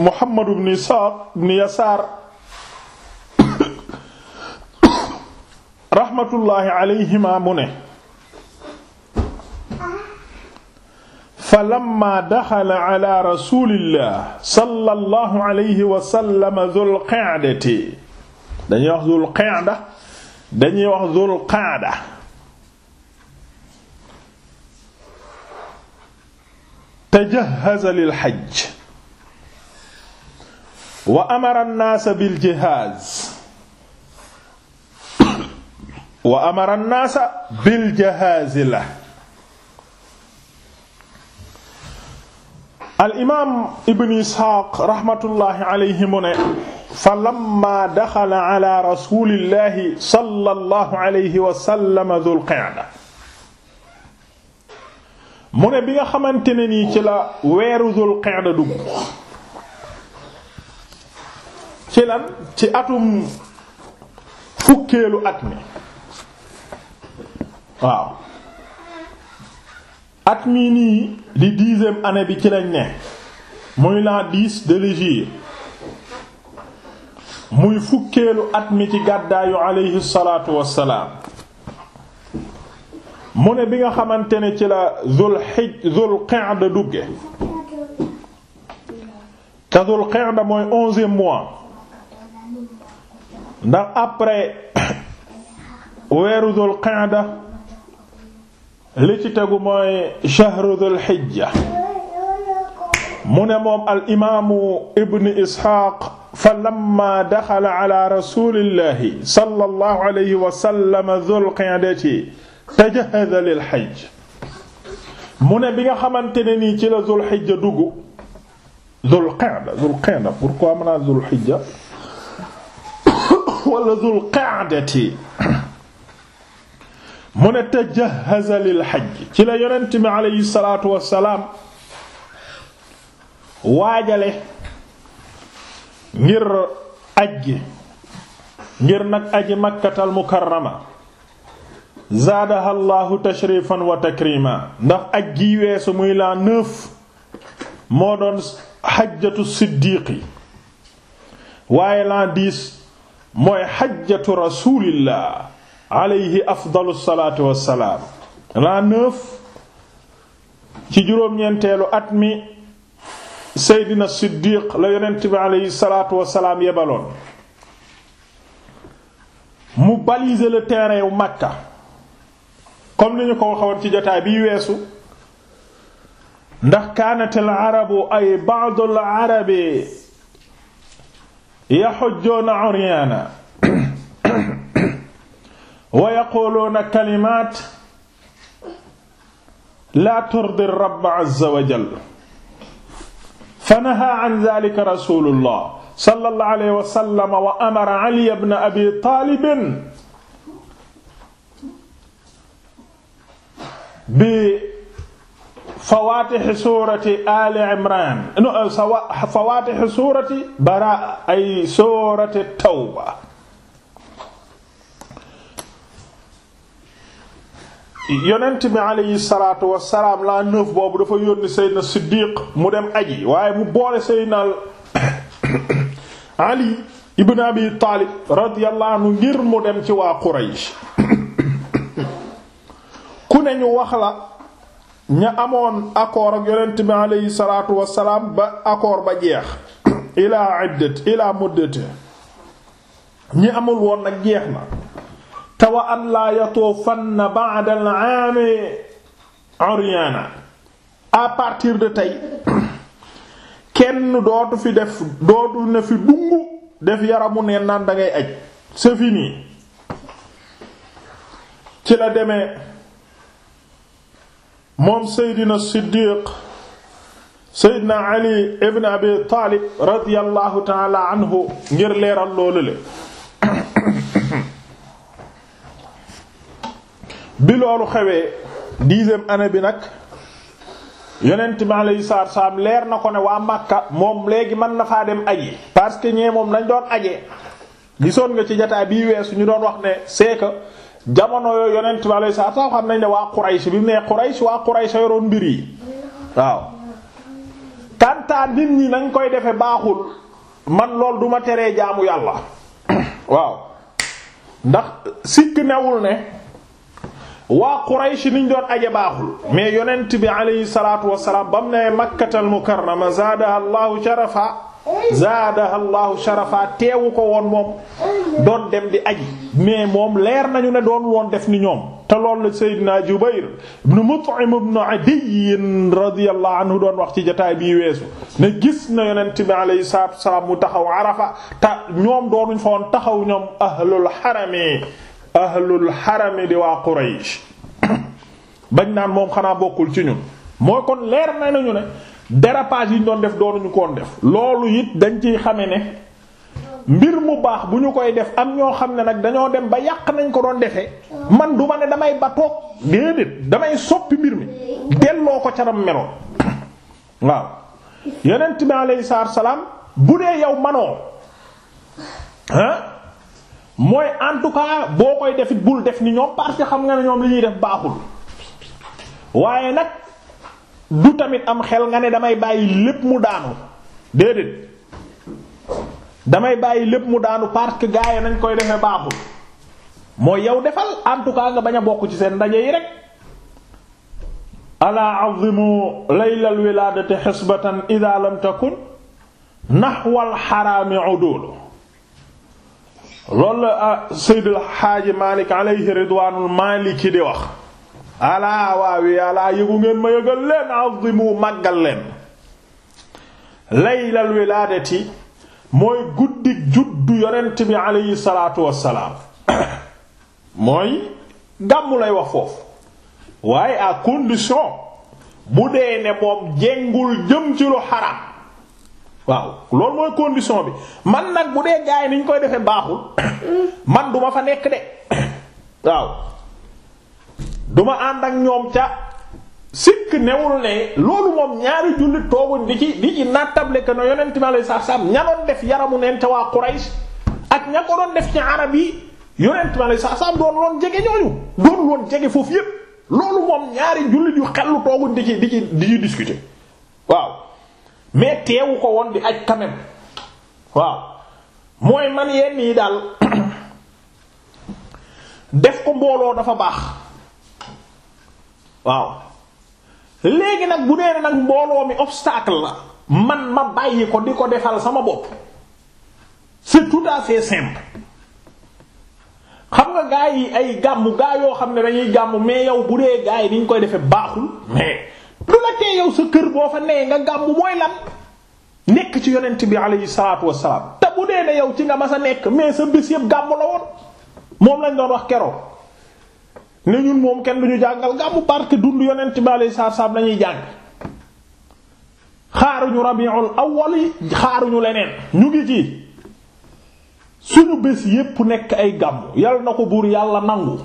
Muhammad ibn Isaaq ibn Yasaar raxmatullaahi alayhima mu ne fa lamma daxala ala rasulillah sallallahu alayhi wa sallam dhul qa'dati dañuy wax dhul qa'da dañuy wax dhul qa'da tajahaza lil hajj wa amara naasa bil jihaaz wa amara naasa bil jihaaz la al imaam ibn isxaaq raxmatullaahi alayhi mu ne fa lamma daxala ala rasuulillahi sallallahu alayhi wa sallam dul qa'da mu ne bi nga xamante ne nii ci la weeru dul qa'da dugg ci ci atum fukkeelu at mi waaw at mi nii di dixième année bi ci lañ ne muy l'an dix de l'hégire muy fukkeelu at mi ci gàddaayu aleyhi salaatu wassalaam mu ne bi nga xamante ne ci la zul xij zul qa'da dugge te zul qa'da mooy onzième mois ndax après weeru dul qaada li ci tegu mooy shahru dul xijja mu ne moom al imaamu ibn isxaaq fa lamma daxala ala rasulillahi sallallahu alayhi wa sallam dul qaadati tajahhaza lil xajj mu ne bi nga xamante ne nii ci la dul xijja dugg dul qaada dul qaada pourquoi maanaam dul xijja wala dul qaadati mu ne tajahaza lil xaj ci la yonent bi aleyhi salaatu wassalaam waajale ngir aj gi ngir nag aji makkatal mukarrama zaadaha llahu tashrifan wa takrima ndax aj gi weesu muy la neuf moo doon xajjatu siddiqi waaye la dix mooy xajjatu rasulillah alayhi afdalu salaatu wassalaam la neuf ci juróom-ñeenteelu at mi seydina siddiq la yonent bi alayhi salaatu wassalaam yebaloon mu baliser le terrain wu Makka comme ni ko waxoon ci jotaay biy weesu ndax kaanat al arabu ay ba'd al yaxujjuuna uryaana wa yaquuluuna kalimaat laa turdi rabba azza wa jal fa nahaa an zaalika rasuulullah sallallahu alayhi wa sallam wa amara Ali ibn Abi Taalib bi fawaatixi suurati ali imran euh, fawaatixi suurati bara ay suurati tawba yonent bi aleyhi salaatu wasalaam la neuf boobu dafa yónni seydna siddiq mu dem aji waaye mu boole seydna ali ibn abi taalib radiyallahu anhu ngir mu dem ci waa quraysh ku ne ñu wax ña amoon accord ak yonent bi aleyhi salaatu wasalaam ba accord ba jeex ilaa iddat ilaa ñi amul woon nag jeex na te wa an laa yatoofanna ba'da al-aami uryaana à partir de tey kenn dootu fi def dootu na fi dungu def yaramu neen naan dangay aj c'est fini ci la demee moom Seydina Siddiq Seydina Ali ibn Abi Taalib radiyallahu taala anhu ngir leeral loolu le bi loolu xewee dixième année bi nag yonent mi alayhi salaatu leer na ko ne waa Makka moom léegi mën na faa dem aji parce que ñee moom lañ doon aje gisoon nga ci jotaay bii weesu ñu doon wax ne c'est que jamono yooyu yonent bi alayhi salaatu xam nañ ne waa Quraysh bi mu nee Quraysh waa Quraysh yoroon mbir yi waaw kantaa nit ñi nañ koy defe baaxul man lool duma teree jaamu yàlla waaw ndax sikk newul ne waa Quraysh niñ doon aje baaxul mais yonent bi alayhi salaatu wassalaam bam ne Makkatal Mukarrama zaadaha Allahu sharafa zaadaha allahu sharafa teewu ko woon moom doon dem di aji mais moom leer nañu ne doon woon def ni ñoom te loolu la Seydina Jubayr ibn Mut'im ibn Adiy radiyallahu anhu doon wax ci jotaay bii weesu ne gis na yonent bi alayhi salaatu wassalaam mu taxaw Arafa te ñoom doonuñ fa woon taxaw ñoom ahlul harami ahlul harami di waa Quraysh bañ naan moom xanaa bokkul ci ñun mooy kon leer nañu ne dérapage yi ñu doon def doonuñu koon def loolu it dañ ciy xame ne mbir mu baax bu ñu koy def am ñoo xam ne nag dañoo dem ba yàq nañ ko doon defee man du ma ne damay batoog déedéet damay soppi mbir mi delloo ko caram meloon waaw yonent bi alayhi salaam bu dee yow manoo ah mooy en tout cas boo koy defit bul def ni ñoom parce que xam nga ne ñoom li ñuy def baaxul waaye nag du tamit am xel nga ne damay bàyyi lépp mu daanu déedéet damay bàyyi lépp mu daanu parce que gars yi nañ koy defee baaxul mooy yow defal en nga bañ a bokk ci seen ndaje yi rek alaa azimu laylal wilaadati xisbatan idaa lam takun naxwal xaraami udulu loolu la ah, Seydil Xaaji Maalik alayhi ridwaanul maaliki di wax alaa waawi alaa yëgu ngeen ma yëgal leen azimu màggal leen laylal wilaadati mooy guddi juddu yonent bi aleyhi salaatu wassalaam mooy gàmmu lay wax foofu waaye à condition bu dee ne moom jengul jëm ci lu xaram waaw loolu mooy condition bi man nag bu dee gaay niñ koy defee baaxul man duma fa nekk de waaw duma ànd ak ñoom ca sikk newul ne loolu moom ñaari jullit tooguñ di ci di ci nattable que ne yonent mi alayhi salaam ña doon def yaramu neen ca waa Quraysh ak ña ko doon def ci arab yi yonent mi alayhi salaam doon loon jege ñooñu doon loon jege foofu yëpp loolu moom ñaari jullit yu xellu tooguñ di ci di ci di ci discuter waaw mais teewu ko woon di aj quand waaw mooy man yenn yi daal def ko mbooloo dafa baax. waaw léegi nag bu dee nag mbooloo mi obstacle la man ma bàyyi ko di ko defal sama bopp c'est tout à fait xam nga gaa yi ay gàmmu gaa yoo xam ne dañuy gàmmu mais yow bu dee gaa yi ni ñu koy defee baaxul mais du la tee yow sa kër boo fa nee nga gàmmu mooy lan nekk ci yonent bi alayhi salaatu wassalaam te bu dee ne yow ci nga ma sa nekk mais sa bés yëpp gàmmu la woon moom lañ doon wax keroog. ne ñun moom kenn duñu jàngal gàmmu parce que dund yonent bi alayhi salaam lañuy jàng xaaruñu rabiul awwal xaaruñu leneen ñu ngi ci suñu bés yépp nekk ay gàmmu yal na ko buur yàlla nangu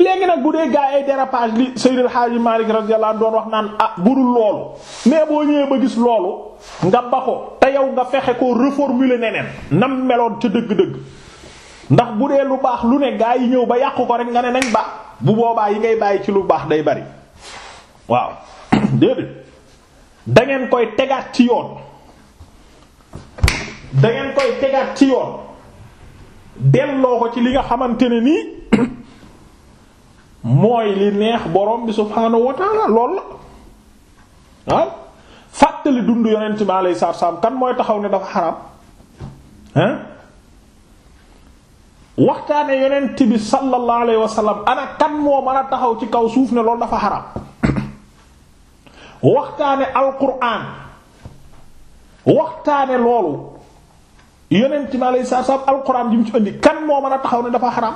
léegi nag bu dee gaay ay dérapage li Seydil Hadji Malick radiyallahu anhu doon wax naan ah budul loolu mais boo ñëwee ba gis loolu nga ba te yow nga fexe ko reformuler neneen nam meloon ca dëgg-dëgg ndax bu dee lu baax lu ne gaa yi ñëw ba yàq ko rek nga ne nañ ba bu boobaa yi ngay bàyyi ci lu baax day bari waaw déedéet dangeen koy tegaat ci yoon dangeen koy tegaat ci yoon delloo ko ci li nga xamante ne nii mooy li neex borom bi subhaanahu wa taala lool la waaw fàttali dund yonent bi alayhi salaam kan mooy taxaw ne dafa xaram waxtaane yonent bi sallallahu alayhi wa sallam ana kan moo mën a taxaw ci kaw suuf ne loolu dafa xaram waxtaane alquran waxtaane loolu yonent bi alayhi salaam alquran ji mu ci indi kan moo mën a taxaw ne dafa xaram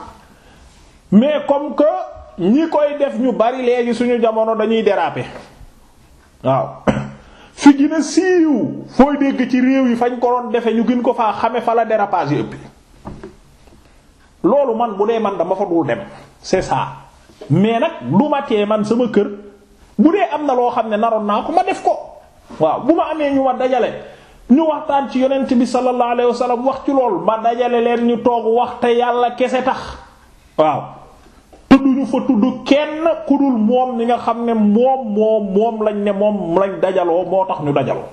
mais comme que ñi koy def ñu bari léegi suñu jamono dañuy déraper waaw fi gën a siiw fooy dégg ci réew yi fañ ko doon defe ñu gën ko faa xame fa la dérapage yi ëpp loolu man bu dee man dama fa dul dem c'est ça mais nag du ma tee man sama kër bu dee am na loo xam ne naroon naa ko ma def ko waaw bu ma amee ñu ma dajale ñu waxtaan ci yonent bi sallallahu alayhi wa sallam wax ci loolu ma dajale leen ñu toog wax te yàlla kese tax waaw tudd ñu fa tudd kenn ku dul moom ni nga xam ne moom moom moom lañ ne moom lañ dajaloo moo tax ñu dajaloo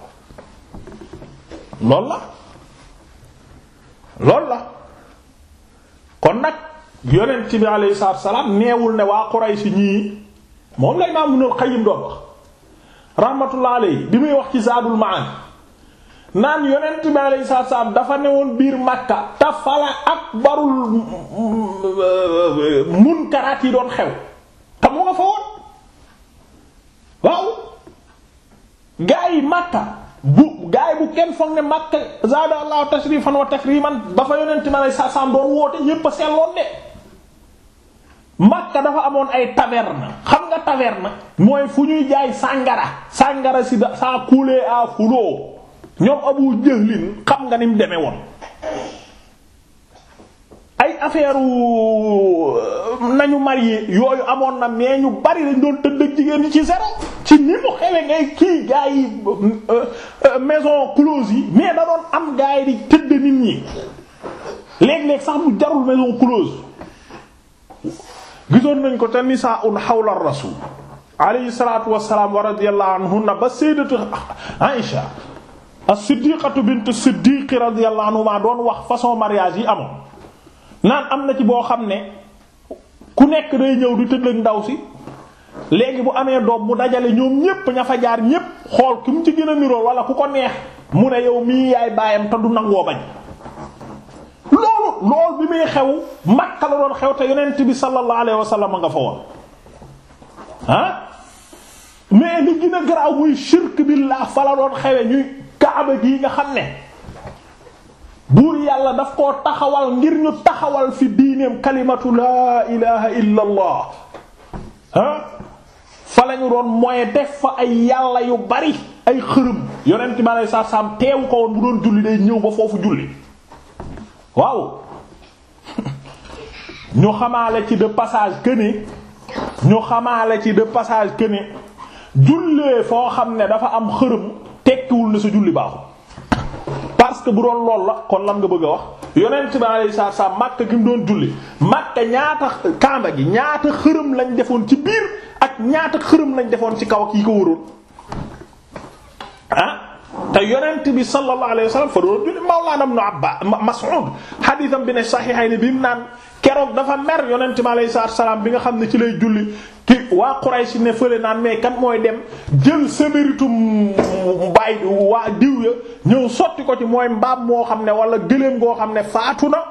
lool la lool la kon nag yonent bi alayhi salaatu salaam neewul ne waa Quraysh ñii moom la Imaam Ibnul Qayyim doon wax rahmatullah alayhi bi muy wax ci Zaadul Ma'aad naan yonent bi alayhi salaatu salaam dafa newoon biir Makka tafala akbarul euh, munkaraat yi doon xew te mu nga fa woon waaw gaa yi Makka. bu gaay bu kenn foog ne Makka zaada Allahu tashrifan wa takriman ba fa yonent ma lay sa sam doon woote yépp a selloon de Makka dafa amoon ay taverne xam nga taverne mooy fu ñuy jaay sàngara sàngara si da saa coulé à flot ñoom Abu Jahlin xam nga ni mu demee woon ay affaire euh, nañu marié yooyu amoon na mais ñu bari dañ doon tëdd jigéen ñi ci zéro ci ni mu ngay kii gaa euh, euh, maison close yi mais da doon am gaa yi di tëdd ñi léeg-léeg sax mu jarul maison close gisoon nañ ko te nisaa un xawla rasul alayhi salaatu wassalaam wa radiyallahu anhunna ba sayyidatu Aïsha as-siddiqatu bint as-siddiq radiyallahu anhuma doon wax façon mariage yi amoon naan am na ci boo xam ne ku nekk day ñëw di tëdd ndaw si léegi bu amee doom bu dajale ñoom ñépp ña fa jaar ñépp xool ki mu ci gën a niroo wala ku ko neex mu ne yow mii yaay baayam te du nangoo bañ loolu loolu bi muy xew Makka la doon xew te yonent bi sallallahu alayhi wa nga fa woon ah mais ni gën a garaaw muy shirk billah fa la doon xewe ñuy kaaba gii nga xam ne buur yàlla daf koo taxawal ngir ñu taxawal fi diineem kalimatu laa ilaha illa allah ah fa lañu doon mooy def fa ay yàlla yu bari ay xërëm yonent bi alei satu salaam teewu ko woon bu doon julli day ñëw ba foofu julli waaw ñu xamaale ci de passage que ne ñu xamaale ci de passage que ne jullee foo xam ne dafa am xërëm tekkiwul ne sa julli baaxul parce que bu doon lool la kon lan nga bëgg a wax yonent bi alayhi salaatu salaam Makka gi mu doon julli Makka ñaata Kaaba gi ñaata xërëm lañ defoon ci biir ak ñaata xërëm lañ defoon ci kaw ak yi ko wëroon ah te yonent bi sallallahu alayhi wa sallam doon julli Mawlana ibn Abba Mas'ud haditham bi ne saxiixayni bi mu naan keroog dafa mer yonent bi alayhi salaam bi nga xam ne ci lay julli ki waa Quraysh ne fële naan mais kan mooy dem jël seméritum baay waa diw ya ñëw sotti ko ci mooy mbaam moo xam ne wala gëléem goo xam ne faatu na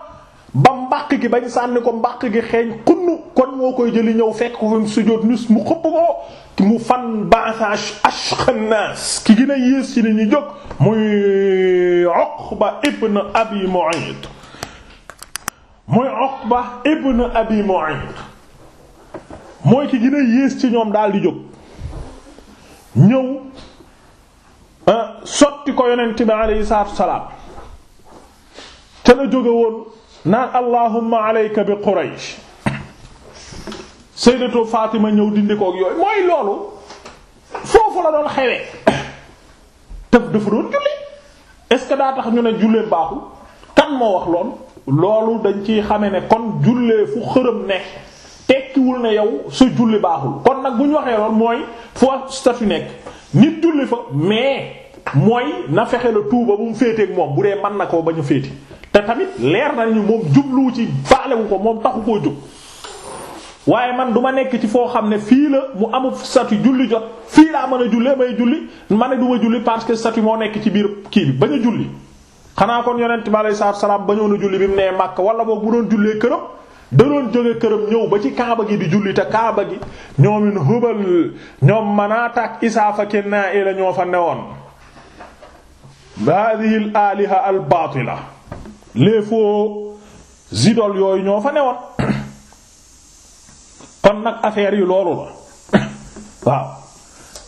ba mbàq gi bañ sànni ko mbàq gi xeeñ xunn kon moo koy jëli ñëw fekk ko fi mu sujjóot nus mu xëpp ko mu fan bansage ashxanaas ki gën a yées ci ni ñu jóg muy Uqba ibn Abi Mu'ayt muy Uqba ibn Abi Mu'ayt mooy ki gën yées ci ñoom daal di jóg ñëw ah, sotti ko yonent bi aleyhi salaam te la jóge woon naan allahumma aleyka bi quraysh sayyidatu Fatima ñëw dindi ko ak yooyu mooy loolu foofu la doon xewee tëf dafa doon julli est-ce que daa tax ñu ne jullee baaxul kan moo wax lool loolu dañ ciy xame ne kon jullee fu xërëm ne tekkiwul ne yow sa julli baaxul kon nag bu ñu waxee lool mooy foo statut nekk nit julli fa mais mooy na fexe la tuuba bu mu féeteek moom bu dee man na ko ba ñu féete te tamit leer na ñu moom jubluwu ci faalewu ko moom taxu koo jóg waaye man du ma nekk ci foo xam ne fii la mu amul statut julli jot fii laa mën a jullee may julli ma ne du ma julli parce que statut moo nekk ci biir kii bi bañ a julli xanaa kon yonent bi alayhi salaatu salaam bañoon a julli bi mu nee Makka wala boog bu doon da doon jóge këram ñëw ba ci kaaba gi di julli te kaaba gi ñoomin Hubal ñoom Manaat ak Isaafa ki Naa'ila ñoo fa newoon haadihil aliha al baatila les faux yooyu ñoo fa newoon kon nag affaire yi loolu la waaw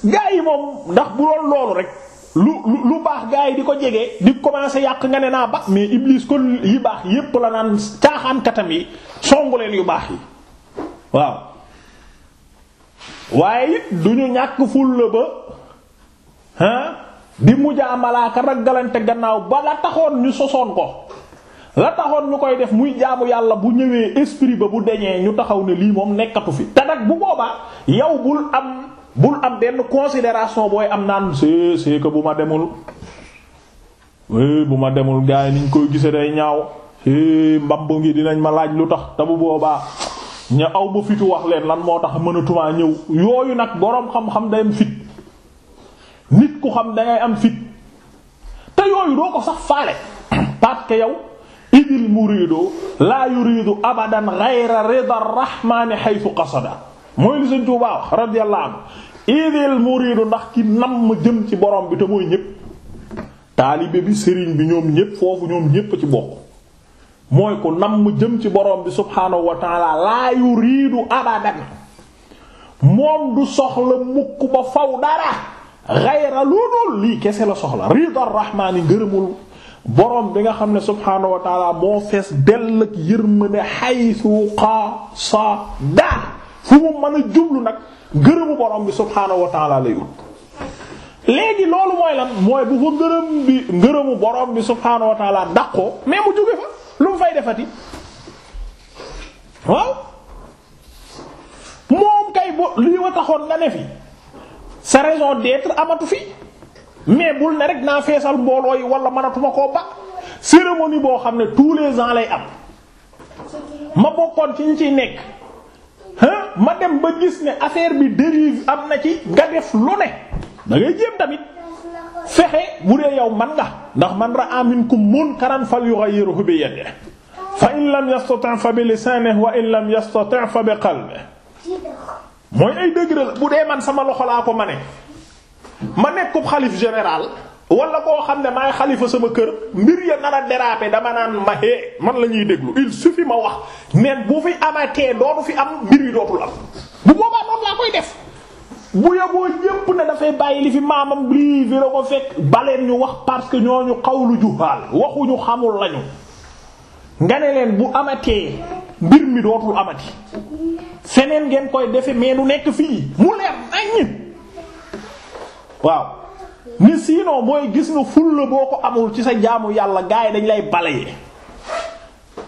gaa yi moom ndax bu doon loolu rek lu lu baax gars yi di ko jege di commencer yàq nga ne naa ba mais Iblis kon yi baax yépp la naan caaxaan katam yi songu leen yu baax yi waaw waaye du ñu ñàkk fulla ba ah di mujjaa malaaka raggalante gannaaw ba la taxoon ñu sosoon ko la taxoon ñu koy def muy jaamu yàlla bu ñëwee esprit ba bu deñee ñu taxaw ne lii moom nekkatu fi te nag bu boobaa yow bul am. bul am benn consideration booy am naan c'est c'est bu ma demul bu ma demul gars yi niñ koy gise day ñaaw eh, mbamb ngi dinañ ma laaj lu tax te bu boobaa ña aw ba fitu wax leen lan moo tax mënatumaa ñëw yooyu nag boroom xam-xam day am fit nit ku xam dangay am fit te yooyu doo ko sax faale parce que yow idil murido la yuridu abadan ghayra rida rahmani haythu qasada mooy li Sëriñ Tuubaa wax radiyallahu anhu idil muridu ndax ki namm jëm ci borom bi te mooy ñépp taalibe bi sëriñ bi ñoom ñépp foofu ñoom ñépp ci bokk mooy ku namm jëm ci borom bi subhaanahu wa taala laa yuriidu abadan moom du soxla mukk ba faw dara xayra lu dul lii kese la soxla riida rahmaani ngërëmul borom bi nga xam ne subhaanahu wa taala moo fees dell ak yërmande xaytu xaasada fu mu mën a jublu nag gërëmu borom bi subhaanahu wa lay ut léegi loolu mooy lan mooy bu ko gërëm bi ngërëmu borom bi subhaanahu wa taala daqoo mais mu jóge fa lu mu fay defati waaw moom kay bo lii wa taxoon ne fi sa raison d'être amatu fi mais bul ne rek naa feesal mbooloo yi wala mënatuma koo ba cérémonie boo xam ne tous les ans lay am ma bokkoon ci ñu ciy nekk ma dem ba gis ne affaire bi dérive am na ci nga def lu ne da ngay jéem tamit fexe bu dee yow man nga ndax man ra'a minkum munkaran falyughayyirhu bi yadihi fa in lam yastati' fa bi lisanihi wa in lam yastati' fa bi qalbihi mooy ay degré la bu dee man sama loxo laa ko ma ne ma nekkub xalif général wala boo xam ne maay xalifa sama kër mbir ya nar a dama naan ma hee eh, man la ñuy déglu il fi ma wax mais bu fi amatee dootu fi am mbir yi dootul am bu boobaa bu yaboo yépp ne ñu wax parce que ñooñu xawlu juhaal waxuñu xamul lañu nga ne bu amatee mbir mi dootul amati feneen ngeen koy defe mais du nekk fii mu leer naññ waaw ni sinon booy gis nga fulla boo ko amul ci sa jaamu yàlla gaa yi dañ lay balaye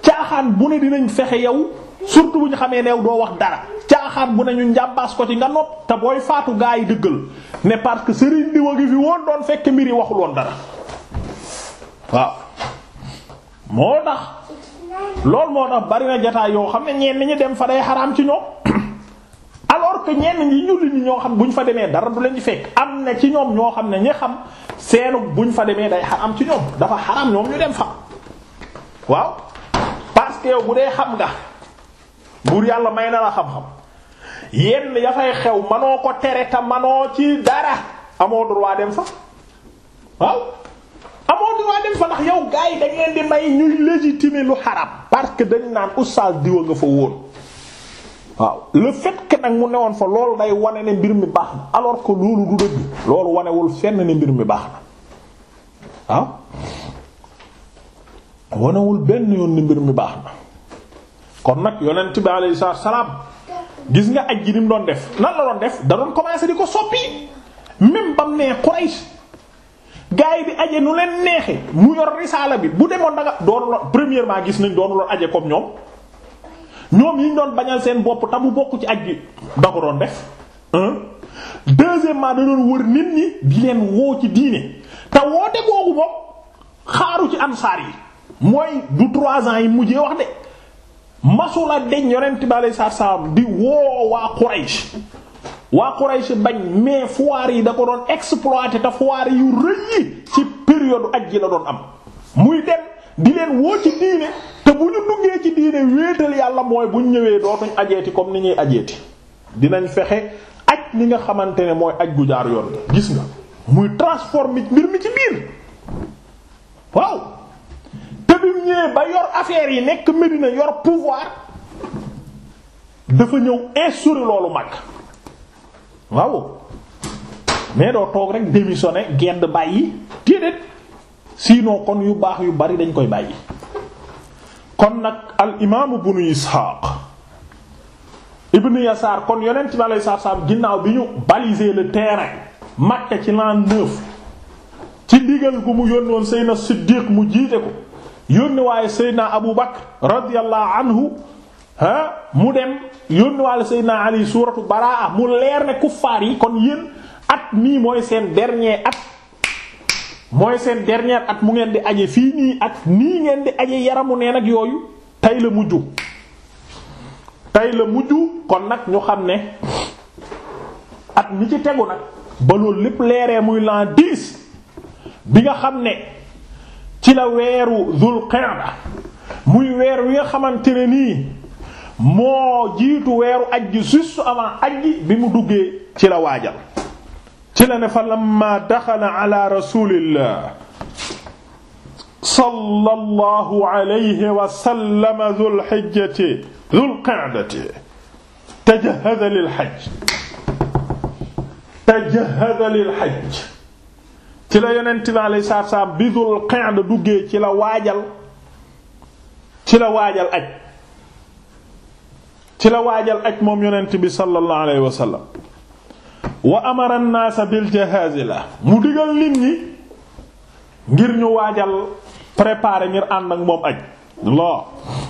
caaxaan bu ne dinañ fexe yow surtout bu ñu xamee new doo wax dara caaxaan bu nañu ñu njàmbaas ko ci nga nopp te booy faatu gaa yi dëggal mais parce que sëriñ diwa ngi doon fekk mbir waxul woon dara waaw moo tax loolu moo tax bari na jotaay yoo xam ne ñenn ñi dem fa day xaraam ci ñoom alors que ñenn ñi ñu ñoo xam bu ñu fa demee dara du leen ci fekk am na ci ñoom ñoo xam ne ñi xam seenu bu ñu fa demee day am ci ñoom dafa xaram ñoom ñu dem fa waaw parce que bu dee xam nga buur yàlla may na la xam-xam yenn ya fay xew manoo ko tere te manoo ci dara amoo droit dem fa waaw amoo droit dem fa ndax yow gars yi dañ leen di may ñuy légitimer lu xaram parce que dañ naan oustaz diwa nga fa woon waaw le fait nag mu woon fa loolu day wane ne mbir mi baax na alors que loolu du dëgg loolu wanewul fenn ne mbir mi baax na ah? waaw wul benn yoon ni mbir mi baax na kon nag yonent bi alayhi salaam gis nga aj ji ni mu doon def nan la doon def da doon commencer di ko soppi même bam nee Quraysh gaay bi aje nu leen neexe mu yor risaala bi bu demoon da nga doonu loon premièrement gis nañ doonu loon aje comme ñoom ñoom yi ñu doon bañal seen bopp tamu mu bokk ci ak gi da ko doon def un deuxièmement da doon wër nit ñi di leen woo ci diine te woote googu moom xaaru ci ansaar yi mooy du trois ans yi mujjee wax de masula deñ yonent bi alei saatu salaam di woo waa Quraysh waa Quraysh bañ mais foire yi da ko doon exploiter te foire yu rëy yi ci période aj gi la doon am muy dem di leen woo ci diine te bu ñu duggee ci diine wéetal yàlla mooy bu ñu ñëwee dootuñ ajeeti comme ni ñuy ajeeti dinañ fexe aj li nga xamante ne mooy aj gu jaar yoon gis nga muy transformer mbir mi ci biir waaw te bi mu ba yor affaire yi nekk Medina yor pouvoir dafa ñëw instaurer loolu mag waaw mais doo toog rek démissionner gedd bàyyi déedéet sinon kon yu baax yu bari dañ koy bàyyi kon nag al imaamu ibnu Isxaaq ibnu Yasaar kon yonent bi alayhi salaam ginnaaw bi ñu baliser le terrain Makka ci l'an neuf ci ndigal gu mu yónnoon Seydina Siddiq mu jiite ko yónni waaye Seydina Abu Bakr radiyallahu anhu ah mu dem yónni waaye Seydina Ali suuratu Baraa mu leer ne kuffaar yi kon yéen at mii mooy seen dernier at mooy seen dernier at mu ngeen di aje fii nii ak nii ngeen di aje yaramu neen ak yooyu tey la mujj tey la mujj kon nag ñu xam ne at mi ci tegu nag ba lépp leeree muy l'an diis bi nga xam ne ci la weeru Dhul Qa'da muy weer wi nga xamante ne nii moo jiitu weeru ajji juste avant ajji bi mu duggee ci la waajam ci la ne fa lamma daxala ala rasulillah sallallahu alayhi wa sallam dhul hijjati dhul qa'dati tajahhaza lil hajj tajahhaza lil hajj ci la yonent bi alayhi salaatu salaam bi dhul qa'da duggee ci la waajal ci la waajal aj ci la waajal aj moom yonent bi sallallahu alayhi wa sallam wa amara an-naasa bil jahaazi la mu digal nit ñi ngir ñu waajal préparer ngir ànd ak moom aj loo